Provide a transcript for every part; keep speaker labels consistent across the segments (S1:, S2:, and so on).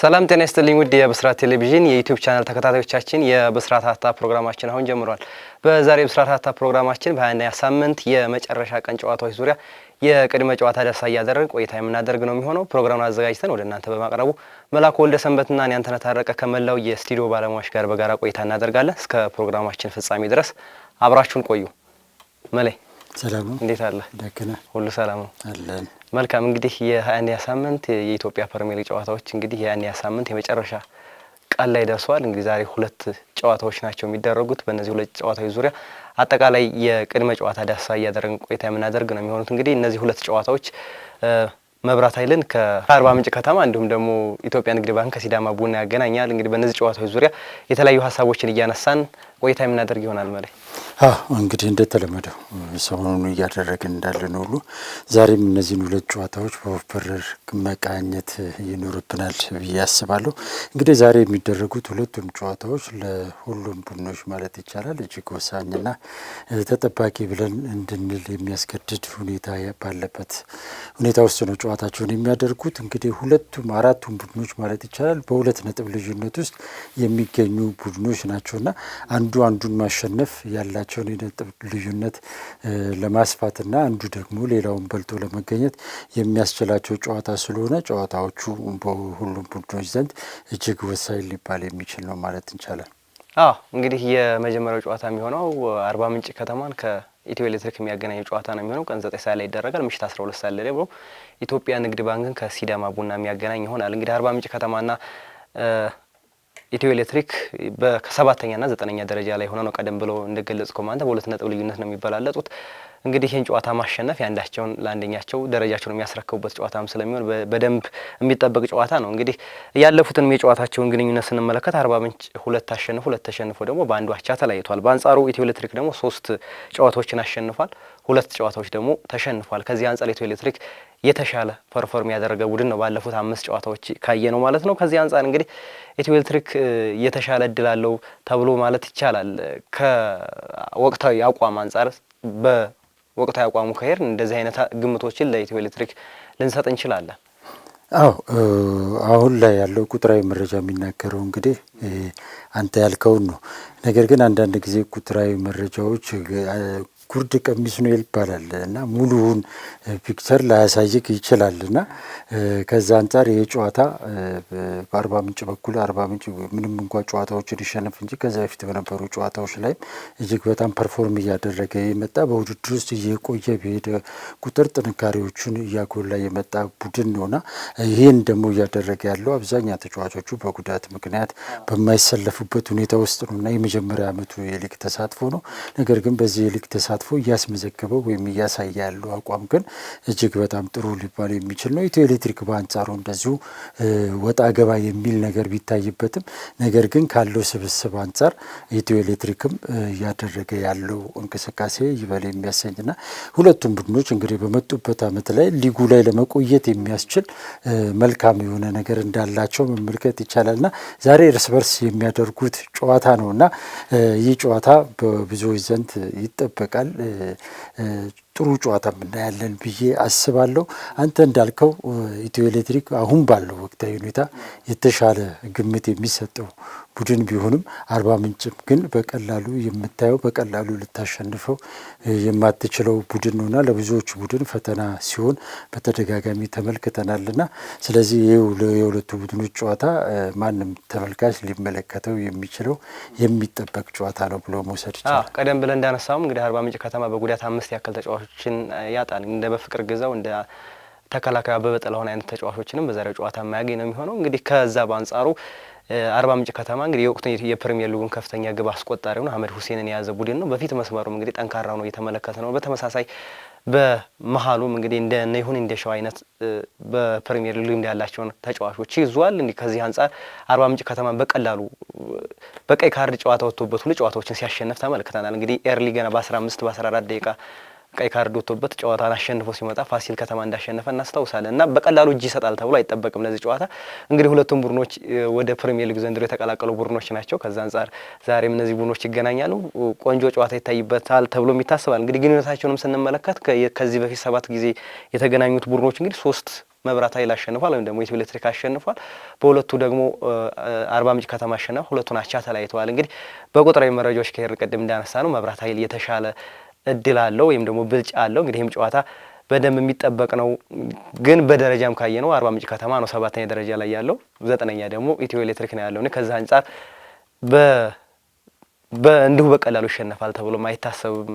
S1: ሰላም ጤና ይስጥልኝ ውድ የብስራት ቴሌቪዥን የዩቲዩብ ቻናል ተከታታዮቻችን የብስራት ሀታ ፕሮግራማችን አሁን ጀምሯል። በዛሬ የብስራት ሀታ ፕሮግራማችን በሀያኛ ሳምንት የመጨረሻ ቀን ጨዋታዎች ዙሪያ የቅድመ ጨዋታ ዳሰሳ እያደረግን ቆይታ የምናደርግ ነው የሚሆነው። ፕሮግራሙን አዘጋጅተን ወደ እናንተ በማቅረቡ መላኩ ወልደ ሰንበትና እኔ አንተነህ ታረቀ ከመላው የስቱዲዮ ባለሙያዎች ጋር በጋራ ቆይታ እናደርጋለን። እስከ ፕሮግራማችን ፍጻሜ ድረስ አብራችሁን ቆዩ። መላይ ሰላም ነው። እንዴት አለ? ሁሉ ሰላም ነው አለን መልካም እንግዲህ የሀያኒያ ሳምንት የኢትዮጵያ ፕሪሚየር ሊግ ጨዋታዎች እንግዲህ የሀያኒያ ሳምንት የመጨረሻ ቃል ላይ ደርሰዋል። እንግዲህ ዛሬ ሁለት ጨዋታዎች ናቸው የሚደረጉት። በእነዚህ ሁለት ጨዋታዎች ዙሪያ አጠቃላይ የቅድመ ጨዋታ ዳሳ እያደረግን ቆይታ የምናደርግ ነው የሚሆኑት። እንግዲህ እነዚህ ሁለት ጨዋታዎች መብራት ኃይልን ከአርባ ምንጭ ከተማ እንዲሁም ደግሞ ኢትዮጵያ ንግድ ባንክ ከሲዳማ ቡና ያገናኛል። እንግዲህ በእነዚህ ጨዋታዎች ዙሪያ የተለያዩ ሀሳቦችን እያነሳን ቆይታ የምናደርግ ይሆናል መላይ
S2: እንግዲህ እንደተለመደው ሰሞኑን እያደረግን እንዳለን ሁሉ ዛሬም እነዚህን ሁለት ጨዋታዎች በወፈረር መቃኘት ይኖርብናል ብዬ አስባለሁ። እንግዲህ ዛሬ የሚደረጉት ሁለቱም ጨዋታዎች ለሁሉም ቡድኖች ማለት ይቻላል እጅግ ወሳኝና ተጠባቂ ብለን እንድንል የሚያስገድድ ሁኔታ ባለበት ሁኔታ ውስጥ ነው ጨዋታቸውን የሚያደርጉት። እንግዲህ ሁለቱም አራቱም ቡድኖች ማለት ይቻላል በሁለት ነጥብ ልዩነት ውስጥ የሚገኙ ቡድኖች ናቸውና አንዱ አንዱን ማሸነፍ ያላቸው ያላቸውን የነጥብ ልዩነት ለማስፋትና አንዱ ደግሞ ሌላውን በልጦ ለመገኘት የሚያስችላቸው ጨዋታ ስለሆነ ጨዋታዎቹ በሁሉም ቡድኖች ዘንድ እጅግ ወሳኝ ሊባል የሚችል ነው ማለት እንቻላል።
S1: አዎ እንግዲህ የመጀመሪያው ጨዋታ የሚሆነው አርባ ምንጭ ከተማን ከኢትዮ ኤሌክትሪክ የሚያገናኘው ጨዋታ ነው የሚሆነው። ቀን ዘጠኝ ሰዓት ላይ ይደረጋል። ምሽት አስራ ሁለት ሰዓት ላይ ደግሞ ኢትዮጵያ ንግድ ባንክን ከሲዳማ ቡና የሚያገናኝ ይሆናል። እንግዲህ አርባ ምንጭ ከተማና ኢትዮ ኤሌክትሪክ ከሰባተኛና ዘጠነኛ ደረጃ ላይ ሆነ ነው። ቀደም ብሎ እንደገለጽ ኮማንተ በሁለት ነጥብ ልዩነት ነው የሚበላለጡት። እንግዲህ ይህን ጨዋታ ማሸነፍ የአንዳቸውን ለአንደኛቸው ደረጃቸውን የሚያስረክቡበት ጨዋታም ስለሚሆን በደንብ የሚጠበቅ ጨዋታ ነው። እንግዲህ ያለፉትንም የጨዋታቸውን ግንኙነት ስንመለከት አርባ ምንጭ ሁለት አሸንፎ ሁለት ተሸንፎ ደግሞ በአንዱ አቻ ተለያይቷል። በአንጻሩ ኢትዮ ኤሌክትሪክ ደግሞ ሶስት ጨዋታዎችን አሸንፏል፣ ሁለት ጨዋታዎች ደግሞ ተሸንፏል። ከዚህ አንጻር ኢትዮ ኤሌክትሪክ የተሻለ ፐርፎርም ያደረገ ቡድን ነው ባለፉት አምስት ጨዋታዎች ካየ ነው ማለት ነው። ከዚህ አንጻር እንግዲህ ኢትዮ ኤሌክትሪክ የተሻለ እድል አለው ተብሎ ማለት ይቻላል ከወቅታዊ አቋም አንጻር ወቅታዊ አቋሙ ከሄድን እንደዚህ አይነት ግምቶችን ለኢትዮ ኤሌክትሪክ ልንሰጥ እንችላለን።
S2: አዎ አሁን ላይ ያለው ቁጥራዊ መረጃ የሚናገረው እንግዲህ አንተ ያልከውን ነው። ነገር ግን አንዳንድ ጊዜ ቁጥራዊ መረጃዎች ጉርድ ቀሚስ ነው ይባላል እና ሙሉውን ፒክቸር ላያሳይቅ ይችላል እና ከዛ አንጻር ይህ ጨዋታ በአርባ ምንጭ በኩል አርባ ምንጭ ምንም እንኳ ጨዋታዎችን ይሸነፍ እንጂ ከዛ በፊት በነበሩ ጨዋታዎች ላይ እጅግ በጣም ፐርፎርም እያደረገ የመጣ በውድድር ውስጥ እየቆየ በሄደ ቁጥር ጥንካሬዎቹን እያጎላ የመጣ ቡድን ነውና ይህን ደግሞ እያደረገ ያለው አብዛኛ ተጫዋቾቹ በጉዳት ምክንያት በማይሰለፉበት ሁኔታ ውስጥ ነው እና የመጀመሪያ ዓመቱ የሊግ ተሳትፎ ነው። ነገር ግን በዚህ የሊግ ተሳትፎ ተሳትፎ እያስመዘገበ ወይም እያሳየ ያለው አቋም ግን እጅግ በጣም ጥሩ ሊባል የሚችል ነው። ኢትዮ ኤሌክትሪክ በአንጻሩ እንደዚሁ ወጣ ገባ የሚል ነገር ቢታይበትም ነገር ግን ካለው ስብስብ አንጻር ኢትዮ ኤሌክትሪክም እያደረገ ያለው እንቅስቃሴ ይበል የሚያሰኝና ሁለቱም ቡድኖች እንግዲህ በመጡበት ዓመት ላይ ሊጉ ላይ ለመቆየት የሚያስችል መልካም የሆነ ነገር እንዳላቸው መመልከት ይቻላልና ዛሬ እርስ በርስ የሚያደርጉት ጨዋታ ነውና ይህ ጨዋታ በብዙዎች ዘንድ ይጠበቃል። ጥሩ ጨዋታ እናያለን ብዬ አስባለሁ። አንተ እንዳልከው ኢትዮ ኤሌክትሪክ አሁን ባለው ወቅታዊ ሁኔታ የተሻለ ግምት የሚሰጠው ቡድን ቢሆንም አርባ ምንጭም ግን በቀላሉ የምታየው በቀላሉ ልታሸንፈው የማትችለው ቡድን ነውና ለብዙዎች ቡድን ፈተና ሲሆን በተደጋጋሚ ተመልክተናልና ስለዚህ የሁለቱ ቡድኖች ጨዋታ ማንም ተመልካች ሊመለከተው የሚችለው የሚጠበቅ ጨዋታ ነው ብሎ መውሰድ ይችላል። ቀደም ብለን እንዳነሳውም እንግዲህ አርባ ምንጭ
S1: ከተማ በጉዳት አምስት ያክል ተጫዋቾችን ያጣል። እንደ በፍቅር ግዛው እንደ ተከላካይ አበበ ጥላሁን አይነት ተጫዋቾችንም በዛሬው ጨዋታ የማያገኝ ነው የሚሆነው። እንግዲህ ከዛ በአንጻሩ አርባ ምንጭ ከተማ እንግዲህ የወቅቱ የፕሪሚየር ሊጉን ከፍተኛ ግብ ነው አህመድ ሁሴንን የያዘ ቡድን ነው። በፊት መስመሩም እንግዲህ ጠንካራ ነው እየተመለከተ ነው። በተመሳሳይ በመሀሉም እንግዲህ እንደ ይሁን እንደ ሸው አይነት በፕሪሚየር ሊግ ልምድ ያላቸውን ተጫዋቾች ይዟል። እንዲህ ከዚህ አንጻር አርባ ምንጭ ከተማ በቀላሉ በቀይ ካርድ ጨዋታ ወጥቶበት ሁሉ ጨዋታዎችን ሲያሸነፍ ተመልክተናል። እንግዲህ ኤርሊ ገና በ15 በ14 ደቂቃ ቀይ ካርድ ወጥቶበት ጨዋታን አሸንፎ ሲመጣ ፋሲል ከተማ እንዳሸነፈ እናስታውሳለን እና በቀላሉ እጅ ይሰጣል ተብሎ አይጠበቅም ለዚህ ጨዋታ። እንግዲህ ሁለቱም ቡድኖች ወደ ፕሪሚየር ሊግ ዘንድሮ የተቀላቀሉ ቡድኖች ናቸው። ከዛ አንጻር ዛሬም እነዚህ ቡድኖች ይገናኛሉ። ቆንጆ ጨዋታ ይታይበታል ተብሎ ይታስባል። እንግዲህ ግንኙነታቸውንም ስንመለከት ከዚህ በፊት ሰባት ጊዜ የተገናኙት ቡድኖች እንግዲህ ሶስት መብራት ኃይል አሸንፏል፣ ወይም ደግሞ ኢትዮ ኤሌክትሪክ አሸንፏል። በሁለቱ ደግሞ አርባ ምንጭ ከተማ አሸንፏል። ሁለቱን አቻ ተለያይተዋል። እንግዲህ በቁጥራዊ መረጃዎች ከሄር ቅድም እንዳነሳ ነው መብራት ኃይል የተሻለ እድል አለው ወይም ደግሞ ብልጫ አለው። እንግዲህ ይህም ጨዋታ በደንብ የሚጠበቅ ነው። ግን በደረጃም ካየ ነው አርባ ምንጭ ከተማ ነው ሰባተኛ ደረጃ ላይ ያለው፣ ዘጠነኛ ደግሞ ኢትዮ ኤሌክትሪክ ነው ያለው። ከዛ አንጻር እንዲሁ በቀላሉ ይሸነፋል ተብሎ አይታሰብም።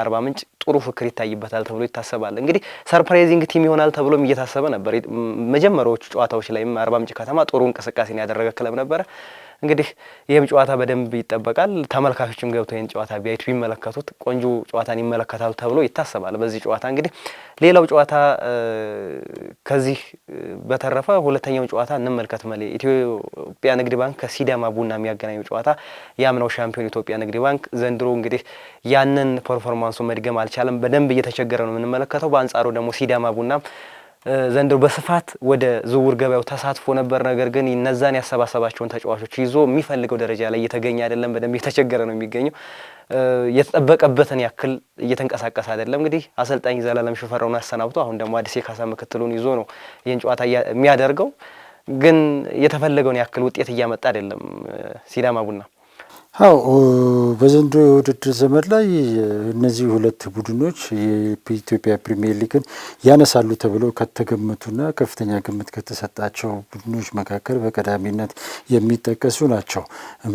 S1: አርባ ምንጭ ጥሩ ፍክር ይታይበታል ተብሎ ይታሰባል። እንግዲህ ሰርፕራይዚንግ ቲም ይሆናል ተብሎም እየታሰበ ነበር። መጀመሪያዎቹ ጨዋታዎች ላይም አርባ ምንጭ ከተማ ጥሩ እንቅስቃሴን ያደረገ ክለብ ነበረ። እንግዲህ ይህም ጨዋታ በደንብ ይጠበቃል። ተመልካቾችም ገብተው ይህን ጨዋታ ቢያዩት ቢመለከቱት ቆንጆ ጨዋታን ይመለከታሉ ተብሎ ይታሰባል። በዚህ ጨዋታ እንግዲህ ሌላው ጨዋታ ከዚህ በተረፈ ሁለተኛውን ጨዋታ እንመልከት። መሌ ኢትዮጵያ ንግድ ባንክ ከሲዳማ ቡና የሚያገናኘው ጨዋታ የአምናው ሻምፒዮን ኢትዮጵያ ንግድ ባንክ ዘንድሮ እንግዲህ ያንን ፐርፎርማንሱ መድገም አልቻለም። በደንብ እየተቸገረ ነው የምንመለከተው። በአንጻሩ ደግሞ ሲዳማ ቡና ዘንድሮ በስፋት ወደ ዝውውር ገበያው ተሳትፎ ነበር። ነገር ግን እነዛን ያሰባሰባቸውን ተጫዋቾች ይዞ የሚፈልገው ደረጃ ላይ እየተገኘ አይደለም። በደንብ እየተቸገረ ነው የሚገኘው። የተጠበቀበትን ያክል እየተንቀሳቀሰ አይደለም። እንግዲህ አሰልጣኝ ዘላለም ሽፈራውን አሰናብቶ አሁን ደግሞ አዲስ የካሳ ምክትሉን ይዞ ነው ይህን ጨዋታ የሚያደርገው። ግን የተፈለገውን ያክል ውጤት እያመጣ አይደለም ሲዳማ ቡና
S2: አው በዘንድሮ የውድድር ዘመን ላይ እነዚህ ሁለት ቡድኖች የኢትዮጵያ ፕሪሚየር ሊግን ያነሳሉ ተብለው ከተገመቱና ከፍተኛ ግምት ከተሰጣቸው ቡድኖች መካከል በቀዳሚነት የሚጠቀሱ ናቸው።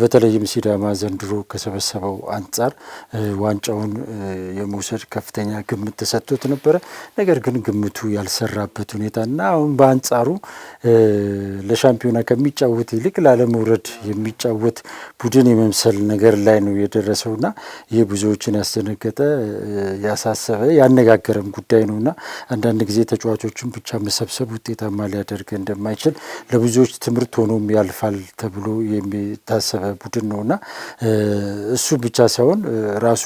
S2: በተለይም ሲዳማ ዘንድሮ ከሰበሰበው አንጻር ዋንጫውን የመውሰድ ከፍተኛ ግምት ተሰጥቶት ነበረ። ነገር ግን ግምቱ ያልሰራበት ሁኔታና አሁን በአንጻሩ ለሻምፒዮና ከሚጫወት ይልቅ ላለመውረድ የሚጫወት ቡድን የመምሰል መሰል ነገር ላይ ነው የደረሰው እና ይህ ብዙዎችን ያስደነገጠ ያሳሰበ ያነጋገረም ጉዳይ ነው እና አንዳንድ ጊዜ ተጫዋቾችን ብቻ መሰብሰብ ውጤታማ ሊያደርግ እንደማይችል ለብዙዎች ትምህርት ሆኖም ያልፋል ተብሎ የሚታሰበ ቡድን ነው እና እሱ ብቻ ሳይሆን ራሱ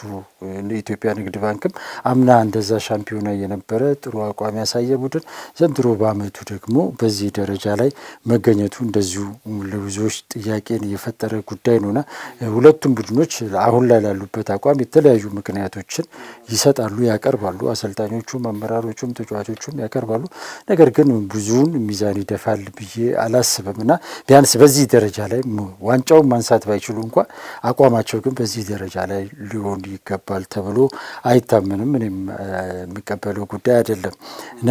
S2: ኢትዮጵያ ንግድ ባንክም አምና እንደዛ ሻምፒዮና የነበረ ጥሩ አቋም ያሳየ ቡድን ዘንድሮ በአመቱ ደግሞ በዚህ ደረጃ ላይ መገኘቱ እንደዚሁ ለብዙዎች ጥያቄን የፈጠረ ጉዳይ ነውና ሁለቱም ቡድኖች አሁን ላይ ላሉበት አቋም የተለያዩ ምክንያቶችን ይሰጣሉ፣ ያቀርባሉ። አሰልጣኞቹም፣ አመራሮቹም፣ ተጫዋቾቹም ያቀርባሉ። ነገር ግን ብዙውን ሚዛን ይደፋል ብዬ አላስብም እና ቢያንስ በዚህ ደረጃ ላይ ዋንጫውን ማንሳት ባይችሉ እንኳ አቋማቸው ግን በዚህ ደረጃ ላይ ሊሆን ይገባል ተብሎ አይታመንም። እኔም የሚቀበለው ጉዳይ አይደለም።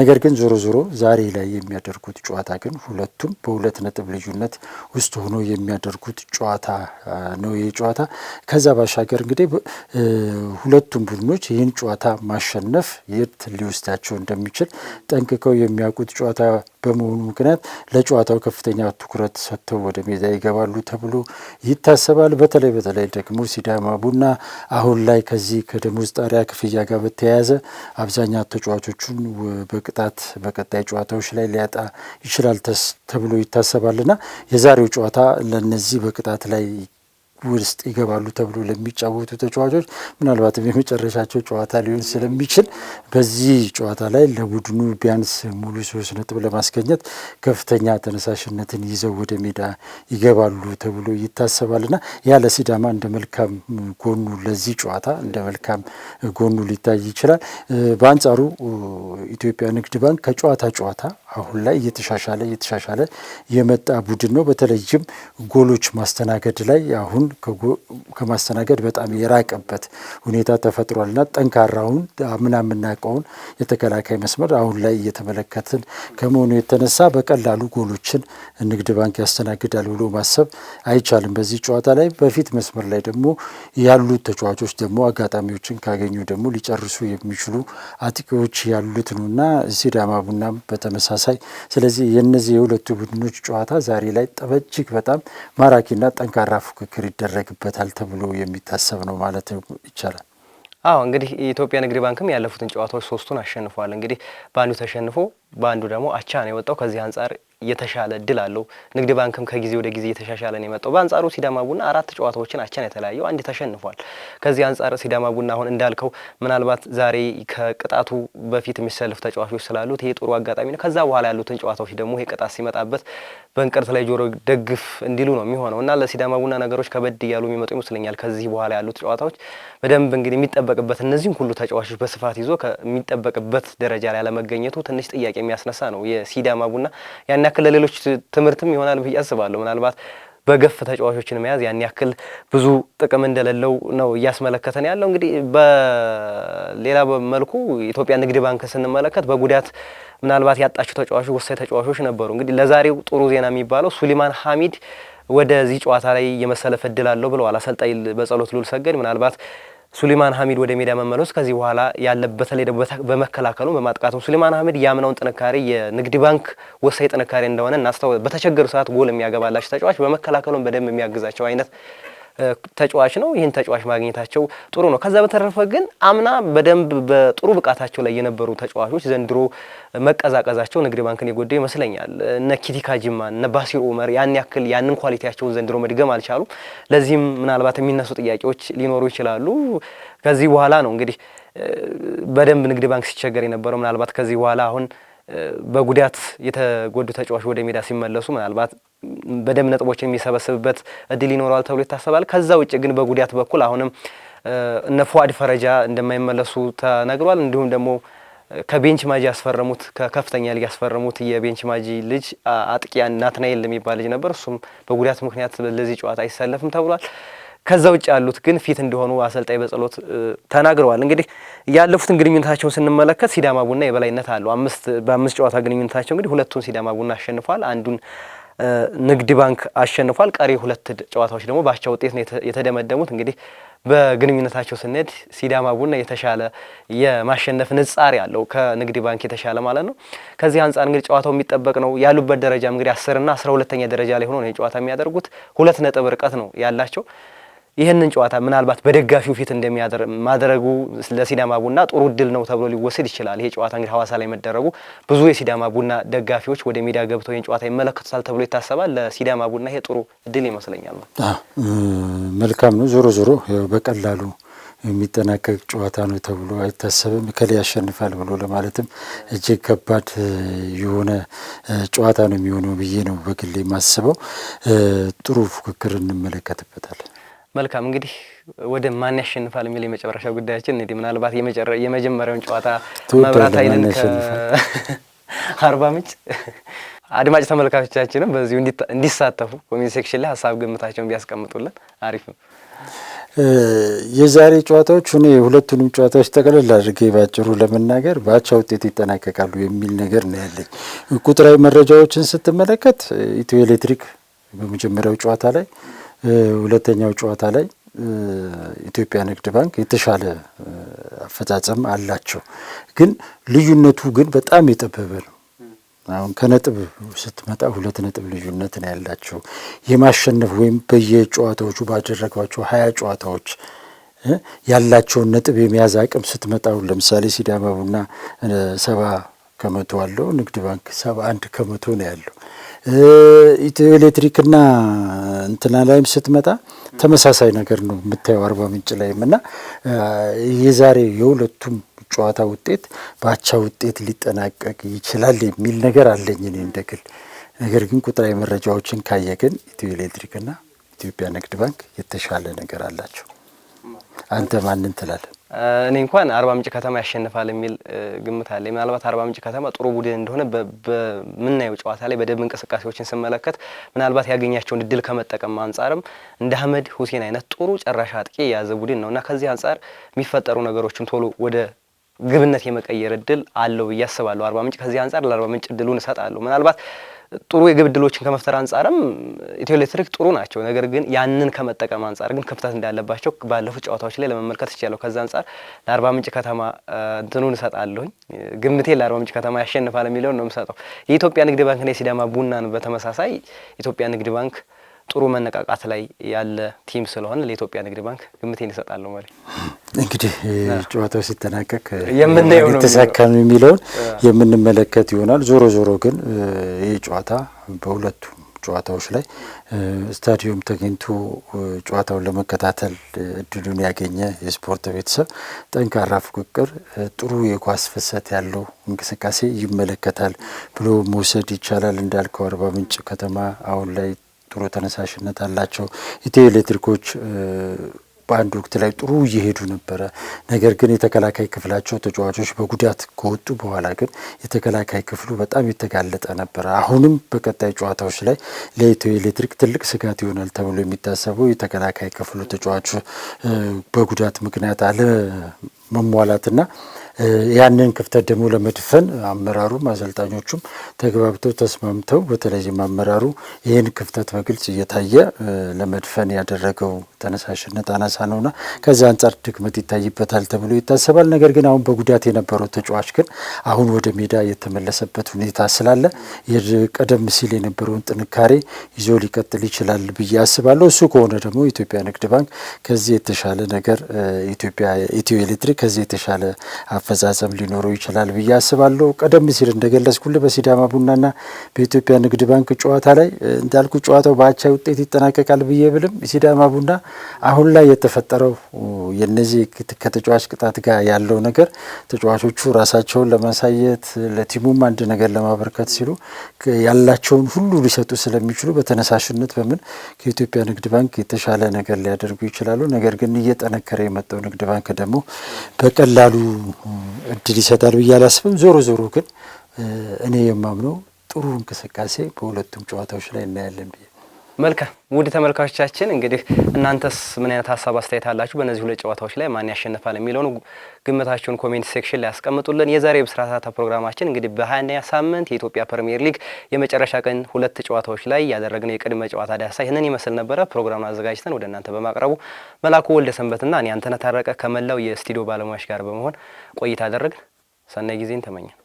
S2: ነገር ግን ዞሮ ዞሮ ዛሬ ላይ የሚያደርጉት ጨዋታ ግን ሁለቱም በሁለት ነጥብ ልዩነት ውስጥ ሆኖ የሚያደርጉት ጨዋታ ነው። ጨዋታ። ከዛ ባሻገር እንግዲህ ሁለቱም ቡድኖች ይህን ጨዋታ ማሸነፍ የት ሊወስዳቸው እንደሚችል ጠንቅቀው የሚያውቁት ጨዋታ በመሆኑ ምክንያት ለጨዋታው ከፍተኛ ትኩረት ሰጥተው ወደ ሜዳ ይገባሉ ተብሎ ይታሰባል። በተለይ በተለይ ደግሞ ሲዳማ ቡና አሁን ላይ ከዚህ ከደሞዝ ጣሪያ ክፍያ ጋር በተያያዘ አብዛኛ ተጫዋቾቹን በቅጣት በቀጣይ ጨዋታዎች ላይ ሊያጣ ይችላል ተብሎ ይታሰባልና የዛሬው ጨዋታ ለነዚህ በቅጣት ላይ ውስጥ ይገባሉ ተብሎ ለሚጫወቱ ተጫዋቾች ምናልባትም የመጨረሻቸው ጨዋታ ሊሆን ስለሚችል በዚህ ጨዋታ ላይ ለቡድኑ ቢያንስ ሙሉ ሶስት ነጥብ ለማስገኘት ከፍተኛ ተነሳሽነትን ይዘው ወደ ሜዳ ይገባሉ ተብሎ ና ያ ለሲዳማ እንደ መልካም ጎኑ ለዚህ ጨዋታ እንደ መልካም ጎኑ ሊታይ ይችላል። በአንጻሩ ኢትዮጵያ ንግድ ባንክ ከጨዋታ ጨዋታ አሁን ላይ እየተሻሻለ እየተሻሻለ የመጣ ቡድን ነው። በተለይም ጎሎች ማስተናገድ ላይ አሁን ከማስተናገድ በጣም የራቀበት ሁኔታ ተፈጥሯልና ጠንካራውን አምና የምናውቀውን የተከላካይ መስመር አሁን ላይ እየተመለከትን ከመሆኑ የተነሳ በቀላሉ ጎሎችን ንግድ ባንክ ያስተናግዳል ብሎ ማሰብ አይቻልም በዚህ ጨዋታ ላይ። በፊት መስመር ላይ ደግሞ ያሉት ተጫዋቾች ደግሞ አጋጣሚዎችን ካገኙ ደግሞ ሊጨርሱ የሚችሉ አጥቂዎች ያሉት ነውና ሲዳማ ቡናም በተመሳሳይ ስለዚህ የነዚህ የሁለቱ ቡድኖች ጨዋታ ዛሬ ላይ ጠበጅግ በጣም ማራኪና ጠንካራ ፉክክር ይደ ይደረግበታል ተብሎ የሚታሰብ ነው ማለት ይቻላል። አዎ እንግዲህ የኢትዮጵያ ንግድ ባንክም ያለፉትን ጨዋታዎች ሶስቱን አሸንፏል። እንግዲህ በአንዱ ተሸንፎ በአንዱ ደግሞ አቻ ነው የወጣው። ከዚህ አንጻር የተሻለ እድል አለው። ንግድ ባንክም ከጊዜ ወደ ጊዜ እየተሻሻለ ነው የመጣው። በአንጻሩ ሲዳማ ቡና አራት ጨዋታዎችን አቻን ነው የተለያየው፣ አንድ ተሸንፏል። ከዚህ አንጻር ሲዳማ ቡና አሁን እንዳልከው ምናልባት ዛሬ ከቅጣቱ በፊት የሚሰልፍ ተጫዋቾች ስላሉት ይሄ ጥሩ አጋጣሚ ነው። ከዛ በኋላ ያሉትን ጨዋታዎች ደግሞ ይሄ ቅጣት ሲመጣበት በእንቅርት ላይ ጆሮ ደግፍ እንዲሉ ነው የሚሆነው እና ለሲዳማ ቡና ነገሮች ከበድ እያሉ የሚመጡ ይመስለኛል። ከዚህ በኋላ ያሉት ጨዋታዎች በደንብ እንግዲህ የሚጠበቅበት እነዚህም ሁሉ ተጫዋቾች በስፋት ይዞ ከሚጠበቅበት ደረጃ ላይ አለመገኘቱ ትንሽ ጥያቄ የሚያስነሳ ነው የሲዳማ ቡና ያን ያክል ለሌሎች ትምህርትም ይሆናል ብዬ አስባለሁ። ምናልባት በገፍ ተጫዋቾችን መያዝ ያን ያክል ብዙ ጥቅም እንደሌለው ነው እያስመለከተን ያለው። እንግዲህ በሌላ መልኩ ኢትዮጵያ ንግድ ባንክ ስንመለከት በጉዳት ምናልባት ያጣቸው ተጫዋቾች ወሳኝ ተጫዋቾች ነበሩ። እንግዲህ ለዛሬው ጥሩ ዜና የሚባለው ሱሊማን ሐሚድ ወደዚህ ጨዋታ ላይ የመሰለፍ እድል አለው ብለዋል አሰልጣኝ በጸሎት ልዑል ሰገድ ምናልባት ሱሌማን ሀሚድ ወደ ሜዳ መመለስ ከዚህ በኋላ ያለ በተለይ በመከላከሉ በማጥቃቱ ሱሌማን ሀሚድ ያምናውን ጥንካሬ የንግድ ባንክ ወሳኝ ጥንካሬ እንደሆነ እናስታወ በተቸገሩ ሰዓት ጎል የሚያገባላቸው ተጫዋች በመከላከሉም በደንብ የሚያግዛቸው አይነት ተጫዋች ነው። ይህን ተጫዋች ማግኘታቸው ጥሩ ነው። ከዛ በተረፈ ግን አምና በደንብ በጥሩ ብቃታቸው ላይ የነበሩ ተጫዋቾች ዘንድሮ መቀዛቀዛቸው ንግድ ባንክን የጎዳው ይመስለኛል። እነ ኪቲካ ጅማ፣ እነ ባሲር ኡመር ያን ያክል ያንን ኳሊቲያቸውን ዘንድሮ መድገም አልቻሉም። ለዚህም ምናልባት የሚነሱ ጥያቄዎች ሊኖሩ ይችላሉ። ከዚህ በኋላ ነው እንግዲህ በደንብ ንግድ ባንክ ሲቸገር የነበረው ምናልባት ከዚህ በኋላ አሁን በጉዳት የተጎዱ ተጫዋች ወደ ሜዳ ሲመለሱ ምናልባት በደንብ ነጥቦች የሚሰበስብበት እድል ይኖረዋል ተብሎ ይታሰባል። ከዛ ውጭ ግን በጉዳት በኩል አሁንም እነ ፉአድ ፈረጃ እንደማይመለሱ ተነግሯል። እንዲሁም ደግሞ ከቤንች ማጂ ያስፈረሙት ከከፍተኛ ሊግ ያስፈረሙት የቤንች ማጂ ልጅ አጥቂያ ናትናኤል የሚባል ልጅ ነበር። እሱም በጉዳት ምክንያት ለዚህ ጨዋታ አይሰለፍም ተብሏል። ከዛ ውጭ ያሉት ግን ፊት እንደሆኑ አሰልጣኝ በጸሎት ተናግረዋል። እንግዲህ ያለፉትን ግንኙነታቸውን ስንመለከት ሲዳማ ቡና የበላይነት አለው። አምስት በአምስት ጨዋታ ግንኙነታቸው እንግዲህ ሁለቱን ሲዳማ ቡና አሸንፏል፣ አንዱን ንግድ ባንክ አሸንፏል። ቀሪ ሁለት ጨዋታዎች ደግሞ በአቻ ውጤት ነው የተደመደሙት። እንግዲህ በግንኙነታቸው ስንሄድ ሲዳማ ቡና የተሻለ የማሸነፍ ንጻሪ አለው ከንግድ ባንክ የተሻለ ማለት ነው። ከዚህ አንጻር እንግዲህ ጨዋታው የሚጠበቅ ነው። ያሉበት ደረጃም እንግዲህ አስርና አስራ ሁለተኛ ደረጃ ላይ ሆኖ ነው የሚያደርጉት። ሁለት ነጥብ ርቀት ነው ያላቸው። ይህንን ጨዋታ ምናልባት በደጋፊው ፊት ማድረጉ ለሲዳማ ቡና ጥሩ እድል ነው ተብሎ ሊወሰድ ይችላል። ይሄ ጨዋታ እንግዲህ ሀዋሳ ላይ መደረጉ ብዙ የሲዳማ ቡና ደጋፊዎች ወደ ሜዳ ገብተው ይህን ጨዋታ ይመለከቱታል ተብሎ ይታሰባል። ለሲዳማ ቡና ይሄ ጥሩ እድል ይመስለኛል። መልካም ነው። ዞሮ ዞሮ በቀላሉ የሚጠናቀቅ ጨዋታ ነው ተብሎ አይታሰብም። ከሌ ያሸንፋል ብሎ ለማለትም እጅግ ከባድ የሆነ ጨዋታ ነው የሚሆነው ብዬ ነው በግሌ የማስበው። ጥሩ ፉክክር እንመለከትበታለን። መልካም እንግዲህ ወደ ማን ያሸንፋል
S1: የሚል የመጨረሻ ጉዳያችን እንግዲህ ምናልባት የመጀመሪያውን ጨዋታ መብራት ኃይልን አርባ ምንጭ አድማጭ ተመልካቾቻችንም በዚሁ እንዲሳተፉ ኮሚኒ ሴክሽን ላይ ሀሳብ ግምታቸውን ቢያስቀምጡልን አሪፍ ነው።
S2: የዛሬ ጨዋታዎች እኔ ሁለቱንም ጨዋታዎች ጠቅለል አድርጌ ባጭሩ ለመናገር በአቻ ውጤት ይጠናቀቃሉ የሚል ነገር ነው ያለኝ። ቁጥራዊ መረጃዎችን ስትመለከት ኢትዮ ኤሌክትሪክ በመጀመሪያው ጨዋታ ላይ ሁለተኛው ጨዋታ ላይ ኢትዮጵያ ንግድ ባንክ የተሻለ አፈጻጸም አላቸው። ግን ልዩነቱ ግን በጣም የጠበበ ነው። አሁን ከነጥብ ስትመጣ ሁለት ነጥብ ልዩነት ነው ያላቸው። የማሸነፍ ወይም በየጨዋታዎቹ ባደረጓቸው ሀያ ጨዋታዎች ያላቸውን ነጥብ የመያዝ አቅም ስትመጣ ለምሳሌ ሲዳማ ቡና ሰባ ከመቶ አለው፣ ንግድ ባንክ ሰባ አንድ ከመቶ ነው ያለው። ኢትዮ ኤሌክትሪክና እንትና ላይም ስትመጣ ተመሳሳይ ነገር ነው የምታየው አርባ ምንጭ ላይም እና የዛሬ የሁለቱም ጨዋታ ውጤት በአቻ ውጤት ሊጠናቀቅ ይችላል የሚል ነገር አለኝ እኔ እንደ ግል። ነገር ግን ቁጥራዊ መረጃዎችን ካየ ግን ኢትዮ ኤሌክትሪክና ኢትዮጵያ ንግድ ባንክ የተሻለ ነገር አላቸው። አንተ ማንን ትላለህ? እኔ እንኳን አርባ ምንጭ ከተማ ያሸንፋል የሚል ግምት አለ። ምናልባት አርባ ምንጭ ከተማ ጥሩ ቡድን እንደሆነ በምናየው ጨዋታ ላይ በደንብ እንቅስቃሴዎችን ስመለከት ምናልባት ያገኛቸውን እድል ከመጠቀም አንጻርም እንደ አህመድ ሁሴን አይነት ጥሩ ጨራሽ አጥቂ የያዘ ቡድን ነው እና ከዚህ አንጻር የሚፈጠሩ ነገሮችን ቶሎ ወደ ግብነት የመቀየር እድል አለው ብዬ አስባለሁ። አርባ ምንጭ ከዚህ አንጻር ለአርባ ምንጭ እድሉን እሰጣለሁ ምናልባት ጥሩ የግብ ዕድሎችን ከመፍጠር አንጻርም ኢትዮ ኤሌክትሪክ ጥሩ ናቸው። ነገር ግን ያንን ከመጠቀም አንጻር ግን ክፍተት እንዳለባቸው ባለፉት ጨዋታዎች ላይ ለመመልከት ይቻለሁ። ከዛ አንጻር ለአርባ ምንጭ ከተማ እንትኑን እሰጣለሁኝ። ግምቴ ለአርባ ምንጭ ከተማ ያሸንፋል የሚለውን ነው የምሰጠው። የኢትዮጵያ ንግድ ባንክና የሲዳማ ቡናን በተመሳሳይ ኢትዮጵያ ንግድ ባንክ ጥሩ መነቃቃት ላይ ያለ ቲም ስለሆነ ለኢትዮጵያ ንግድ ባንክ ግምቴን እሰጣለሁ ማለት ነው። እንግዲህ ጨዋታው ሲጠናቀቅ የተሳካም የሚለውን የምንመለከት ይሆናል። ዞሮ ዞሮ ግን ይህ ጨዋታ በሁለቱ ጨዋታዎች ላይ ስታዲየም ተገኝቶ ጨዋታውን ለመከታተል እድሉን ያገኘ የስፖርት ቤተሰብ ጠንካራ ፉክክር፣ ጥሩ የኳስ ፍሰት ያለው እንቅስቃሴ ይመለከታል ብሎ መውሰድ ይቻላል። እንዳልከው አርባ ምንጭ ከተማ አሁን ላይ ጥሩ ተነሳሽነት አላቸው። ኢትዮ ኤሌክትሪኮች በአንድ ወቅት ላይ ጥሩ እየሄዱ ነበረ። ነገር ግን የተከላካይ ክፍላቸው ተጫዋቾች በጉዳት ከወጡ በኋላ ግን የተከላካይ ክፍሉ በጣም የተጋለጠ ነበረ። አሁንም በቀጣይ ጨዋታዎች ላይ ለኢትዮ ኤሌክትሪክ ትልቅ ስጋት ይሆናል ተብሎ የሚታሰበው የተከላካይ ክፍሉ ተጫዋቾች በጉዳት ምክንያት አለ መሟላትና ያንን ክፍተት ደግሞ ለመድፈን አመራሩም አሰልጣኞቹም ተግባብተው ተስማምተው፣ በተለይም አመራሩ ይህን ክፍተት በግልጽ እየታየ ለመድፈን ያደረገው ተነሳሽነት አናሳ ነውና ከዚ አንጻር ድክመት ይታይበታል ተብሎ ይታሰባል። ነገር ግን አሁን በጉዳት የነበረው ተጫዋች ግን አሁን ወደ ሜዳ የተመለሰበት ሁኔታ ስላለ ቀደም ሲል የነበረውን ጥንካሬ ይዞ ሊቀጥል ይችላል ብዬ አስባለሁ። እሱ ከሆነ ደግሞ ኢትዮጵያ ንግድ ባንክ ከዚህ የተሻለ ነገር ኢትዮጵያ ኢትዮ ኤሌክትሪክ ከዚህ የተሻለ አፈጻጸም ሊኖረው ይችላል ብዬ አስባለሁ። ቀደም ሲል እንደገለጽኩልህ በሲዳማ ቡናና በኢትዮጵያ ንግድ ባንክ ጨዋታ ላይ እንዳልኩ ጨዋታው በአቻ ውጤት ይጠናቀቃል ብዬ ብልም ሲዳማ ቡና አሁን ላይ የተፈጠረው የነዚህ ከተጫዋች ቅጣት ጋር ያለው ነገር ተጫዋቾቹ ራሳቸውን ለማሳየት ለቲሙም አንድ ነገር ለማበርከት ሲሉ ያላቸውን ሁሉ ሊሰጡ ስለሚችሉ በተነሳሽነት በምን ከኢትዮጵያ ንግድ ባንክ የተሻለ ነገር ሊያደርጉ ይችላሉ። ነገር ግን እየጠነከረ የመጣው ንግድ ባንክ ደግሞ በቀላሉ እድል ይሰጣል ብዬ አላስብም። ዞሮ ዞሮ ግን እኔ የማምነው ጥሩ እንቅስቃሴ በሁለቱም ጨዋታዎች ላይ
S1: እናያለን ብዬ መልካም ውድ ተመልካቾቻችን እንግዲህ እናንተስ ምን አይነት ሀሳብ አስተያየት አላችሁ? በእነዚህ ሁለት ጨዋታዎች ላይ ማን ያሸንፋል የሚለውን ግምታችሁን ኮሜንት ሴክሽን ላይ ያስቀምጡልን። የዛሬ ብስራታታ ፕሮግራማችን እንግዲህ በ ሳምንት የኢትዮጵያ ፕሪሚየር ሊግ የመጨረሻ ቀን ሁለት ጨዋታዎች ላይ ያደረግነው የቅድመ ጨዋታ ዳሳ ይህንን ይመስል ነበረ። ፕሮግራሙን አዘጋጅተን ወደ እናንተ በማቅረቡ መላኩ ወልደ ሰንበትና እኔ አንተነህ ታረቀ ከመላው የስቱዲዮ ባለሙያዎች ጋር በመሆን ቆይታ አደረግን። ሰናይ ጊዜን ተመኘን።